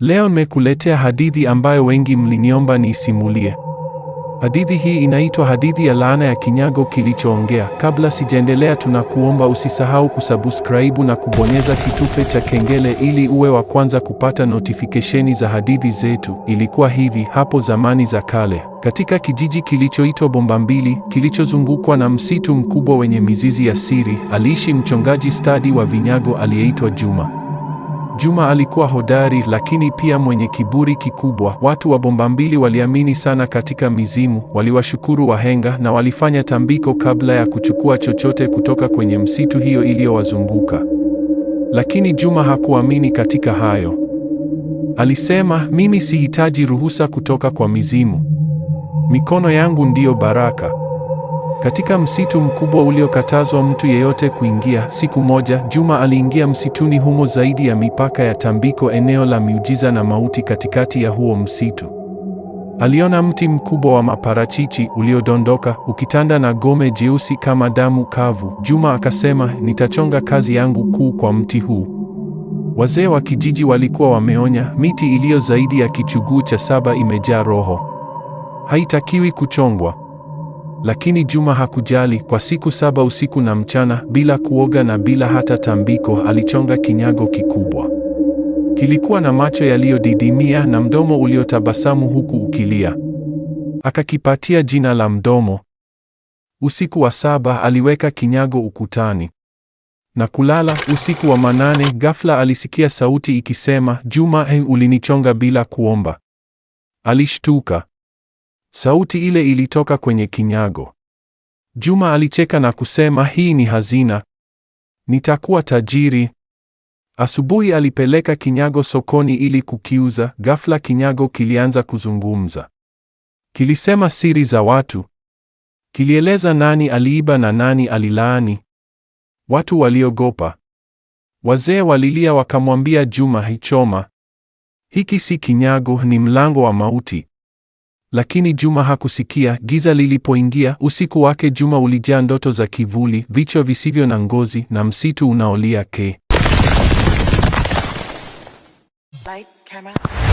Leo nimekuletea hadithi ambayo wengi mliniomba niisimulie. Hadithi hii inaitwa hadithi ya laana ya kinyago kilichoongea. Kabla sijaendelea, tunakuomba usisahau kusubscribe na kubonyeza kitufe cha kengele ili uwe wa kwanza kupata notifikesheni za hadithi zetu. Ilikuwa hivi hapo zamani za kale, katika kijiji kilichoitwa bomba mbili kilichozungukwa na msitu mkubwa wenye mizizi ya siri, aliishi mchongaji stadi wa vinyago aliyeitwa Juma. Juma alikuwa hodari lakini pia mwenye kiburi kikubwa. Watu wa Bombambili waliamini sana katika mizimu, waliwashukuru wahenga na walifanya tambiko kabla ya kuchukua chochote kutoka kwenye msitu hiyo iliyowazunguka. Lakini Juma hakuamini katika hayo. Alisema, mimi sihitaji ruhusa kutoka kwa mizimu. Mikono yangu ndiyo baraka. Katika msitu mkubwa uliokatazwa mtu yeyote kuingia, siku moja Juma aliingia msituni humo zaidi ya mipaka ya tambiko, eneo la miujiza na mauti. Katikati ya huo msitu aliona mti mkubwa wa maparachichi uliodondoka ukitanda na gome jeusi kama damu kavu. Juma akasema, nitachonga kazi yangu kuu kwa mti huu. Wazee wa kijiji walikuwa wameonya, miti iliyo zaidi ya kichuguu cha saba imejaa roho, haitakiwi kuchongwa. Lakini Juma hakujali. Kwa siku saba usiku na mchana, bila kuoga na bila hata tambiko, alichonga kinyago kikubwa. Kilikuwa na macho yaliyodidimia na mdomo uliotabasamu huku ukilia. Akakipatia jina la Mdomo. Usiku wa saba aliweka kinyago ukutani na kulala. Usiku wa manane, ghafla alisikia sauti ikisema, Juma, eh, ulinichonga bila kuomba. Alishtuka. Sauti ile ilitoka kwenye kinyago. Juma alicheka na kusema, hii ni hazina, nitakuwa tajiri. Asubuhi alipeleka kinyago sokoni ili kukiuza. Ghafla kinyago kilianza kuzungumza, kilisema siri za watu, kilieleza nani aliiba na nani alilaani. Watu waliogopa. Wazee walilia, wakamwambia Juma, hichoma, hiki si kinyago, ni mlango wa mauti. Lakini Juma hakusikia. Giza lilipoingia usiku wake, Juma ulijaa ndoto za kivuli, vichwa visivyo na ngozi na msitu unaolia ke Lights, camera.